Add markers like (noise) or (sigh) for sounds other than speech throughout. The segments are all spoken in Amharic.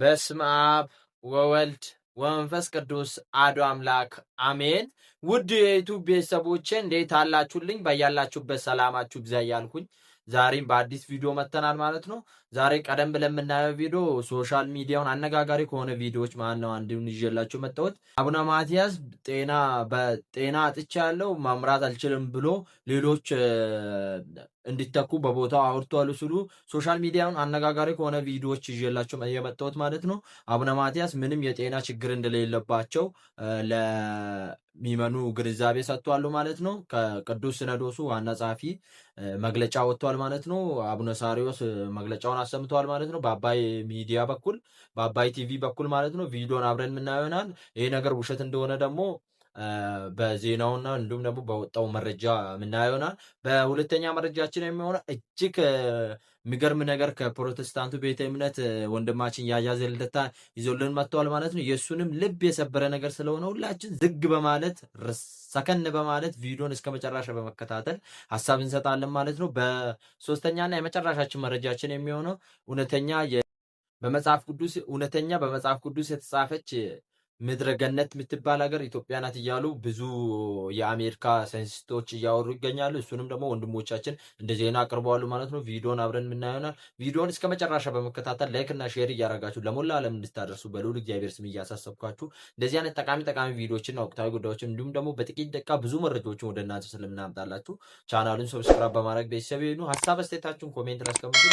በስመ አብ ወወልድ ወመንፈስ ቅዱስ አዶ አምላክ አሜን። ውድ የዩቱብ ቤተሰቦቼ እንዴት አላችሁልኝ? በያላችሁበት ሰላማችሁ ብዛ እያልኩኝ ዛሬም በአዲስ ቪዲዮ መተናል ማለት ነው። ዛሬ ቀደም ብለን የምናየው ቪዲዮ ሶሻል ሚዲያውን አነጋጋሪ ከሆነ ቪዲዮዎች ነው። አንዱን ይዤላችሁ መጣሁት። አቡነ ማትያስ ጤና በጤና አጥቻ ያለው መምራት አልችልም ብሎ ሌሎች እንዲተኩ በቦታው አውርቷል ሲሉ ሶሻል ሚዲያውን አነጋጋሪ ከሆነ ቪዲዮዎች ይዤላቸው የመጣሁት ማለት ነው። አቡነ ማትያስ ምንም የጤና ችግር እንደሌለባቸው ለሚመኑ ግንዛቤ ሰጥቷሉ ማለት ነው። ከቅዱስ ሲኖዶሱ ዋና ጸሐፊ መግለጫ ወጥቷል ማለት ነው። አቡነ ሳሪዎስ መግለጫውን ዜናውን አሰምተዋል ማለት ነው። በአባይ ሚዲያ በኩል በአባይ ቲቪ በኩል ማለት ነው። ቪዲዮን አብረን የምናየው ይሆናል። ይሄ ነገር ውሸት እንደሆነ ደግሞ በዜናውና እንዲሁም ደግሞ በወጣው መረጃ የምናየው ይሆናል። በሁለተኛ መረጃችን የሚሆነው እጅግ የሚገርም ነገር ከፕሮቴስታንቱ ቤተ እምነት ወንድማችን ያያዘ ልደታ ይዞልን መጥተዋል ማለት ነው። የእሱንም ልብ የሰበረ ነገር ስለሆነ ሁላችን ዝግ በማለት ሰከን በማለት ቪዲዮን እስከ መጨረሻ በመከታተል ሀሳብ እንሰጣለን ማለት ነው። በሶስተኛና የመጨረሻችን መረጃችን የሚሆነው እውነተኛ በመጽሐፍ ቅዱስ እውነተኛ በመጽሐፍ ቅዱስ የተጻፈች ምድረ ገነት የምትባል ሀገር ኢትዮጵያ ናት እያሉ ብዙ የአሜሪካ ሳይንቲስቶች እያወሩ ይገኛሉ። እሱንም ደግሞ ወንድሞቻችን እንደ ዜና አቅርበዋሉ ማለት ነው። ቪዲዮን አብረን የምናየሆናል። ቪዲዮን እስከ መጨረሻ በመከታተል ላይክ እና ሼር እያደረጋችሁ ለሞላ ዓለም እንድታደርሱ በልዑል እግዚአብሔር ስም እያሳሰብኳችሁ እንደዚህ አይነት ጠቃሚ ጠቃሚ ቪዲዮዎችና ወቅታዊ ጉዳዮችን እንዲሁም ደግሞ በጥቂት ደቂቃ ብዙ መረጃዎችን ወደ እናንተ ስለምናምጣላችሁ ቻናሉን ሰብስክራይብ በማድረግ ቤተሰብ ሀሳብ አስተያየታችሁን ኮሜንት ላስቀምጡ።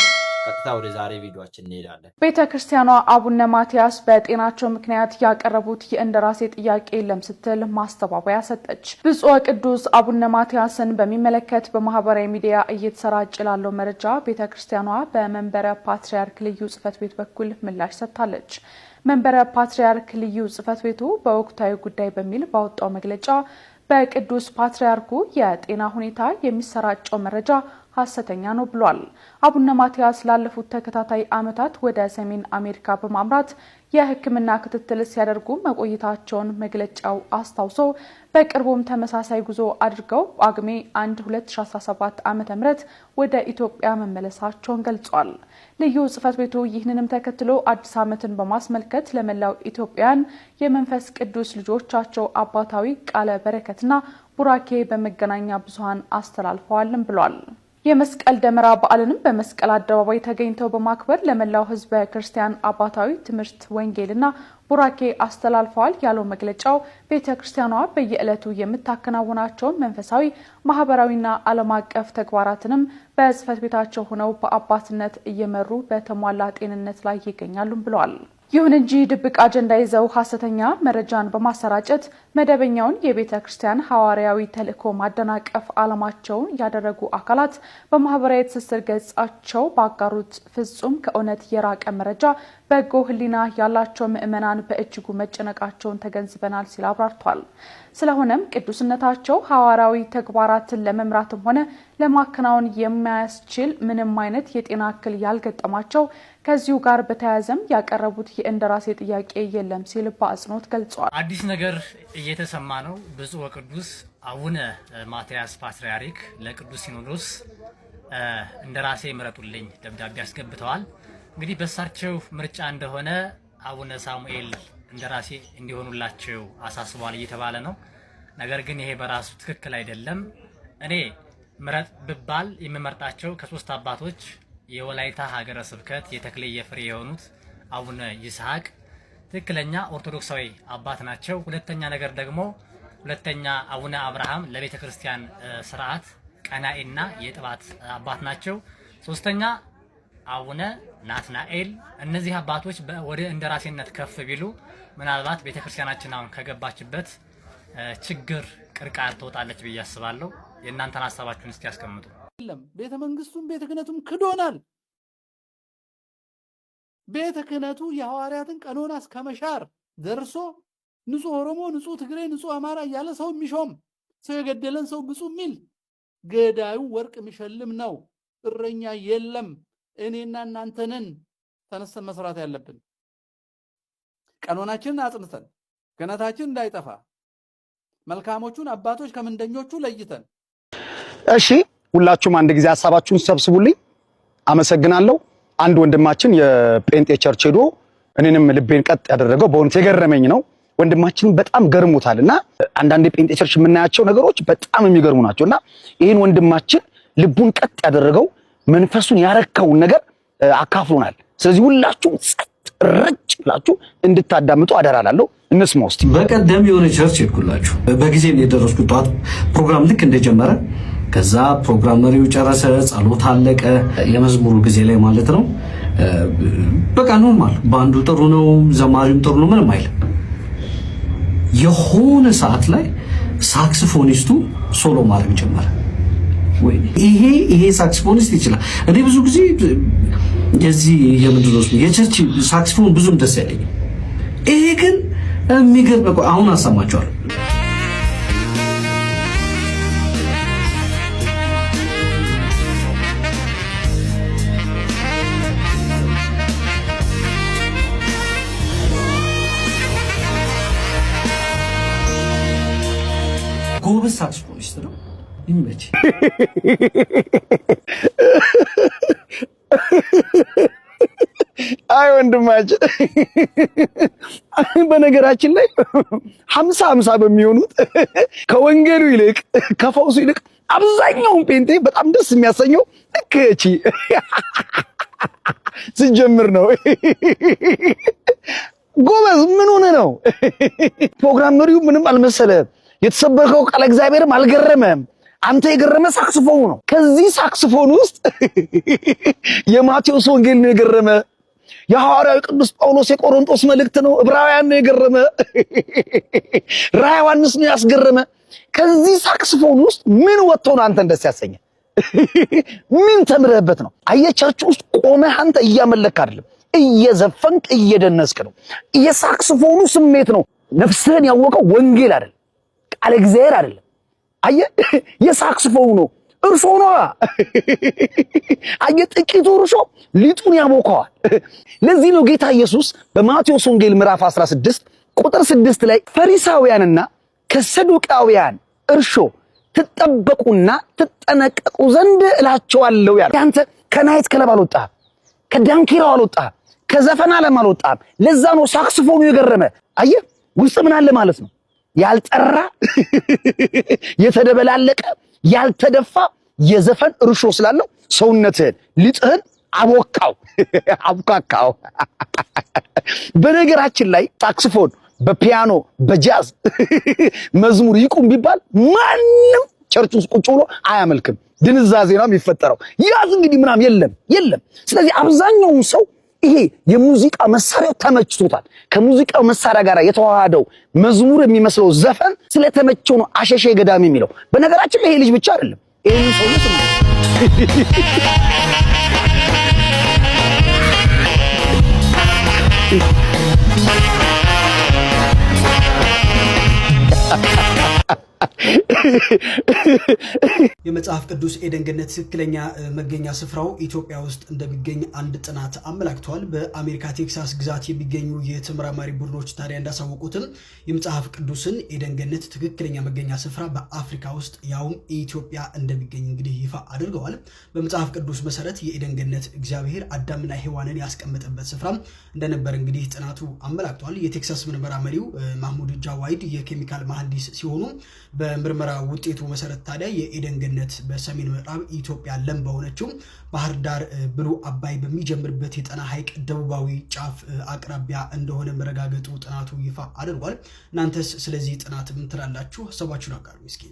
ቀጥታ ወደ ዛሬ ቪዲዮችን እንሄዳለን። ቤተ ክርስቲያኗ አቡነ ማትያስ በጤናቸው ምክንያት ያቀረቡት የእንደራሴ ጥያቄ የለም ስትል ማስተባበያ ሰጠች። ብፁዕ ቅዱስ አቡነ ማትያስን በሚመለከት በማህበራዊ ሚዲያ እየተሰራጭ ላለው መረጃ ቤተ ክርስቲያኗ በመንበረ ፓትርያርክ ልዩ ጽሕፈት ቤት በኩል ምላሽ ሰጥታለች። መንበረ ፓትርያርክ ልዩ ጽሕፈት ቤቱ በወቅታዊ ጉዳይ በሚል ባወጣው መግለጫ በቅዱስ ፓትርያርኩ የጤና ሁኔታ የሚሰራጨው መረጃ ሀሰተኛ ነው ብሏል። አቡነ ማትያስ ላለፉት ተከታታይ ዓመታት ወደ ሰሜን አሜሪካ በማምራት የሕክምና ክትትል ሲያደርጉ መቆየታቸውን መግለጫው አስታውሶ በቅርቡም ተመሳሳይ ጉዞ አድርገው ጳጉሜ 1 2017 ዓ ም ወደ ኢትዮጵያ መመለሳቸውን ገልጿል። ልዩ ጽሕፈት ቤቱ ይህንንም ተከትሎ አዲስ ዓመትን በማስመልከት ለመላው ኢትዮጵያን የመንፈስ ቅዱስ ልጆቻቸው አባታዊ ቃለ በረከትና ቡራኬ በመገናኛ ብዙሃን አስተላልፈዋልም ብሏል። የመስቀል ደመራ በዓልንም በመስቀል አደባባይ ተገኝተው በማክበር ለመላው ህዝበ ክርስቲያን አባታዊ ትምህርት ወንጌልና ቡራኬ አስተላልፈዋል ያለው መግለጫው ቤተ ክርስቲያኗ በየዕለቱ የምታከናውናቸውን መንፈሳዊ፣ ማህበራዊና ዓለም አቀፍ ተግባራትንም በጽህፈት ቤታቸው ሆነው በአባትነት እየመሩ በተሟላ ጤንነት ላይ ይገኛሉም ብለዋል። ይሁን እንጂ ድብቅ አጀንዳ ይዘው ሐሰተኛ መረጃን በማሰራጨት መደበኛውን የቤተ ክርስቲያን ሐዋርያዊ ተልእኮ ማደናቀፍ ዓላማቸውን ያደረጉ አካላት በማህበራዊ ትስስር ገጻቸው ባጋሩት ፍጹም ከእውነት የራቀ መረጃ በጎ ሕሊና ያላቸው ምዕመናን በእጅጉ መጨነቃቸውን ተገንዝበናል ሲል አብራርቷል። ስለሆነም ቅዱስነታቸው ሐዋርያዊ ተግባራትን ለመምራትም ሆነ ለማከናወን የማያስችል ምንም አይነት የጤና እክል ያልገጠማቸው ከዚሁ ጋር በተያያዘም ያቀረቡት የእንደራሴ ጥያቄ የለም ሲል በአጽንኦት ገልጿል። አዲስ ነገር እየተሰማ ነው። ብፁዕ ወቅዱስ አቡነ ማትያስ ፓትርያርክ ለቅዱስ ሲኖዶስ እንደራሴ ምረጡልኝ ደብዳቤ አስገብተዋል። እንግዲህ በሳቸው ምርጫ እንደሆነ አቡነ ሳሙኤል እንደራሴ እንዲሆኑላቸው አሳስቧል እየተባለ ነው። ነገር ግን ይሄ በራሱ ትክክል አይደለም። እኔ ምረጥ ብባል የምመርጣቸው ከሶስት አባቶች የወላይታ ሀገረ ስብከት የተክሌ የፍሬ የሆኑት አቡነ ይስሐቅ ትክክለኛ ኦርቶዶክሳዊ አባት ናቸው። ሁለተኛ ነገር ደግሞ ሁለተኛ አቡነ አብርሃም ለቤተ ክርስቲያን ስርዓት ቀናኤና የጥባት አባት ናቸው። ሶስተኛ አቡነ ናትናኤል። እነዚህ አባቶች ወደ እንደራሴነት ከፍ ቢሉ ምናልባት ቤተ ክርስቲያናችን አሁን ከገባችበት ችግር ቅርቃር ትወጣለች ብዬ አስባለሁ። የእናንተን ሀሳባችሁን እስቲ ያስቀምጡ። የለም። ቤተ መንግስቱም ቤተ ክህነቱም ክዶናል። ቤተ ክህነቱ የሐዋርያትን ቀኖና እስከ መሻር ደርሶ ንጹህ ኦሮሞ፣ ንጹህ ትግሬ፣ ንጹህ አማራ እያለ ሰው የሚሾም ሰው የገደለን ሰው ብፁ የሚል ገዳዩ ወርቅ የሚሸልም ነው። እረኛ የለም። እኔና እናንተንን ተነስተን መስራት ያለብን ቀኖናችንን አጽንተን ገነታችን እንዳይጠፋ መልካሞቹን አባቶች ከምንደኞቹ ለይተን እሺ ሁላችሁም አንድ ጊዜ ሀሳባችሁን ሰብስቡልኝ። አመሰግናለሁ። አንድ ወንድማችን የጴንጤ ቸርች ሄዶ እኔንም ልቤን ቀጥ ያደረገው በእውነት የገረመኝ ነው። ወንድማችን በጣም ገርሞታል እና አንዳንድ የጴንጤ ቸርች የምናያቸው ነገሮች በጣም የሚገርሙ ናቸው እና ይህን ወንድማችን ልቡን ቀጥ ያደረገው መንፈሱን ያረካውን ነገር አካፍሎናል። ስለዚህ ሁላችሁም ጸጥ ረጭ ብላችሁ እንድታዳምጡ አደራላለሁ። እንስማ ውስጥ በቀደም የሆነ ቸርች ሄድኩላችሁ። በጊዜ የደረስኩት ጠዋት ፕሮግራም ልክ እንደጀመረ ከዛ ፕሮግራም መሪው ጨረሰ፣ ጸሎት አለቀ፣ የመዝሙሩ ጊዜ ላይ ማለት ነው። በቃ ኖርማል ባንዱ ጥሩ ነው፣ ዘማሪውም ጥሩ ነው፣ ምንም አይልም። የሆነ ሰዓት ላይ ሳክስፎኒስቱ ሶሎ ማድረግ ጀመረ። ይሄ ይሄ ሳክስፎኒስት ይችላል። እኔ ብዙ ጊዜ የዚህ የምንድን የቸርች ሳክስፎን ብዙም ደስ ያለኝ። ይሄ ግን የሚገርም አሁን አሰማቸዋለሁ ይመች አይ ወንድማችን፣ በነገራችን ላይ ሀምሳ ሀምሳ በሚሆኑት ከወንጌሉ ይልቅ ከፈውሱ ይልቅ አብዛኛውን ጴንጤ በጣም ደስ የሚያሰኘው ልክ እቺ ስጀምር ነው። ጎበዝ ምን ሆነ ነው ፕሮግራም መሪው ምንም አልመሰለም። የተሰበከው ቃለ እግዚአብሔርም አልገረመም። አንተ የገረመ ሳክስፎኑ ነው። ከዚህ ሳክስፎን ውስጥ (laughs) የማቴዎስ ወንጌል ነው የገረመ፣ የሐዋርያው ቅዱስ ጳውሎስ የቆሮንቶስ መልእክት ነው፣ ዕብራውያን ነው የገረመ፣ (laughs) ራዕየ ዮሐንስ ነው ያስገረመ። ከዚህ ሳክስፎን ውስጥ ምን ወጥቶ ነው አንተን ደስ ያሰኘ? (laughs) ምን ተምረህበት ነው? አየቻችሁ ውስጥ ቆመህ አንተ እያመለክ አይደለም፣ እየዘፈንክ እየደነስክ ነው። የሳክስፎኑ ስሜት ነው። ነፍስህን ያወቀው ወንጌል አይደለም፣ ቃለ እግዚአብሔር አይደለም አየ የሳክስፎው ነው እርሶ ነው። አየ ጥቂቱ እርሾ ሊጡን ያቦካዋል። ለዚህ ነው ጌታ ኢየሱስ በማቴዎስ ወንጌል ምዕራፍ 16 ቁጥር 6 ላይ ፈሪሳውያንና ከሰዱቃውያን እርሾ ትጠበቁና ትጠነቀቁ ዘንድ እላቸዋለሁ ያለው። ያንተ ከናይት ክለብ አልወጣህም፣ ከዳንኪራው አልወጣህም፣ ከዘፈን ዓለም አልወጣህም። ለዛ ነው ሳክስፎኑ የገረመ። አየ ውስጥ ምን አለ ማለት ነው ያልጠራ የተደበላለቀ ያልተደፋ የዘፈን እርሾ ስላለው ሰውነትህን ሊጥህን አቦካው አቡካካው። በነገራችን ላይ ሳክስፎን በፒያኖ በጃዝ መዝሙር ይቁም ቢባል ማንም ቸርች ውስጥ ቁጭ ብሎ አያመልክም። ድንዛዜ ነው የሚፈጠረው። ያዝ እንግዲህ ምናም የለም የለም። ስለዚህ አብዛኛውን ሰው ይሄ የሙዚቃ መሳሪያው ተመችቶታል። ከሙዚቃው መሳሪያ ጋር የተዋሃደው መዝሙር የሚመስለው ዘፈን ስለተመቸው ነው አሸሼ ገዳሚ የሚለው። በነገራችን ላይ ይሄ ልጅ ብቻ አይደለም ነው። የመጽሐፍ ቅዱስ ኤደን ገነት ትክክለኛ መገኛ ስፍራው ኢትዮጵያ ውስጥ እንደሚገኝ አንድ ጥናት አመላክቷል። በአሜሪካ ቴክሳስ ግዛት የሚገኙ የተመራማሪ ቡድኖች ታዲያ እንዳሳወቁትም የመጽሐፍ ቅዱስን ኤደን ገነት ትክክለኛ መገኛ ስፍራ በአፍሪካ ውስጥ ያውም ኢትዮጵያ እንደሚገኝ እንግዲህ ይፋ አድርገዋል። በመጽሐፍ ቅዱስ መሰረት የኤደን ገነት እግዚአብሔር አዳምና ሔዋንን ያስቀመጠበት ስፍራ እንደነበር እንግዲህ ጥናቱ አመላክቷል። የቴክሳስ ምርመራ መሪው ማህሙድ ጃዋይድ የኬሚካል መሐንዲስ ሲሆኑ በምርመራ ውጤቱ መሰረት ታዲያ የኤደን ገነት በሰሜን ምዕራብ ኢትዮጵያ ለም በሆነችው ባህር ዳር ብሉ አባይ በሚጀምርበት የጣና ሐይቅ ደቡባዊ ጫፍ አቅራቢያ እንደሆነ መረጋገጡ ጥናቱ ይፋ አድርጓል። እናንተስ ስለዚህ ጥናት ምን ትላላችሁ? ሀሳባችሁን አጋሩ። እስኪ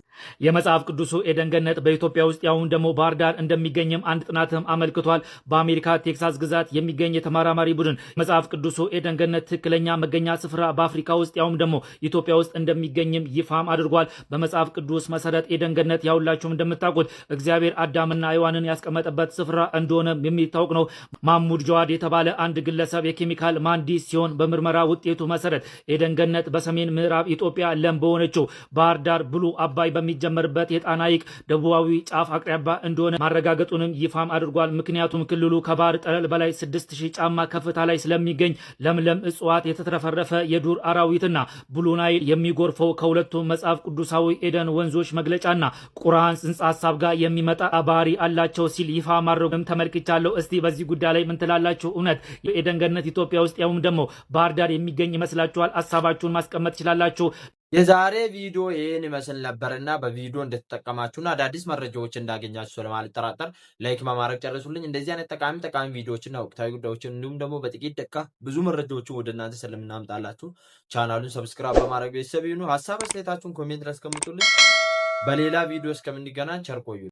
የመጽሐፍ ቅዱሱ ኤደን ገነት በኢትዮጵያ ውስጥ ያሁን ደግሞ ባህር ዳር እንደሚገኝም አንድ ጥናትም አመልክቷል። በአሜሪካ ቴክሳስ ግዛት የሚገኝ የተመራማሪ ቡድን መጽሐፍ ቅዱሱ ኤደን ገነት ትክክለኛ መገኛ ስፍራ በአፍሪካ ውስጥ ያሁም ደግሞ ኢትዮጵያ ውስጥ እንደሚገኝም ይፋም አድርጓል። በመጽሐፍ ቅዱስ ቅዱስ መሰረት ኤደን ገነት ያሁላችሁም እንደምታውቁት እግዚአብሔር አዳምና ሔዋንን ያስቀመጠበት ስፍራ እንደሆነ የሚታወቅ ነው። ማሙድ ጀዋድ የተባለ አንድ ግለሰብ የኬሚካል መሐንዲስ ሲሆን በምርመራ ውጤቱ መሰረት ኤደን ገነት በሰሜን ምዕራብ ኢትዮጵያ ለም በሆነችው ባህር ዳር ብሉ አባይ በሚጀመርበት የጣና ሐይቅ ደቡባዊ ጫፍ አቅራቢያ እንደሆነ ማረጋገጡንም ይፋም አድርጓል። ምክንያቱም ክልሉ ከባህር ጠለል በላይ 6000 ጫማ ከፍታ ላይ ስለሚገኝ ለምለም እጽዋት የተትረፈረፈ የዱር አራዊትና ብሉ ናይል የሚጎርፈው ከሁለቱ መጽሐፍ ቅዱሳዊ ኤደን ወ ወንዞች መግለጫና ቁርአን ጽንሰ ሀሳብ ጋር የሚመጣ ባህሪ አላቸው ሲል ይፋ ማድረጉም ተመልክቻለሁ። እስቲ በዚህ ጉዳይ ላይ ምን ትላላችሁ? እውነት የኤደን ገነት ኢትዮጵያ ውስጥ ያውም ደግሞ ባህር ዳር የሚገኝ ይመስላችኋል? ሀሳባችሁን ማስቀመጥ ትችላላችሁ። የዛሬ ቪዲዮ ይህን ይመስል ነበር እና በቪዲዮ እንደተጠቀማችሁና አዳዲስ መረጃዎች እንዳገኛችሁ ስለማልጠራጠር ላይክ በማድረግ ጨርሱልኝ። እንደዚህ አይነት ጠቃሚ ጠቃሚ ቪዲዮዎችና ወቅታዊ ጉዳዮችን እንዲሁም ደግሞ በጥቂት ደቂቃ ብዙ መረጃዎችን ወደ እናንተ ስለምናምጣላችሁ ቻናሉን ሰብስክራይብ በማድረግ ቤተሰብ ይሁኑ። ሀሳብ አስተያየታችሁን ኮሜንት ላይ አስቀምጡልኝ። በሌላ ቪዲዮ እስከምንገናኝ ቸር ቆዩ።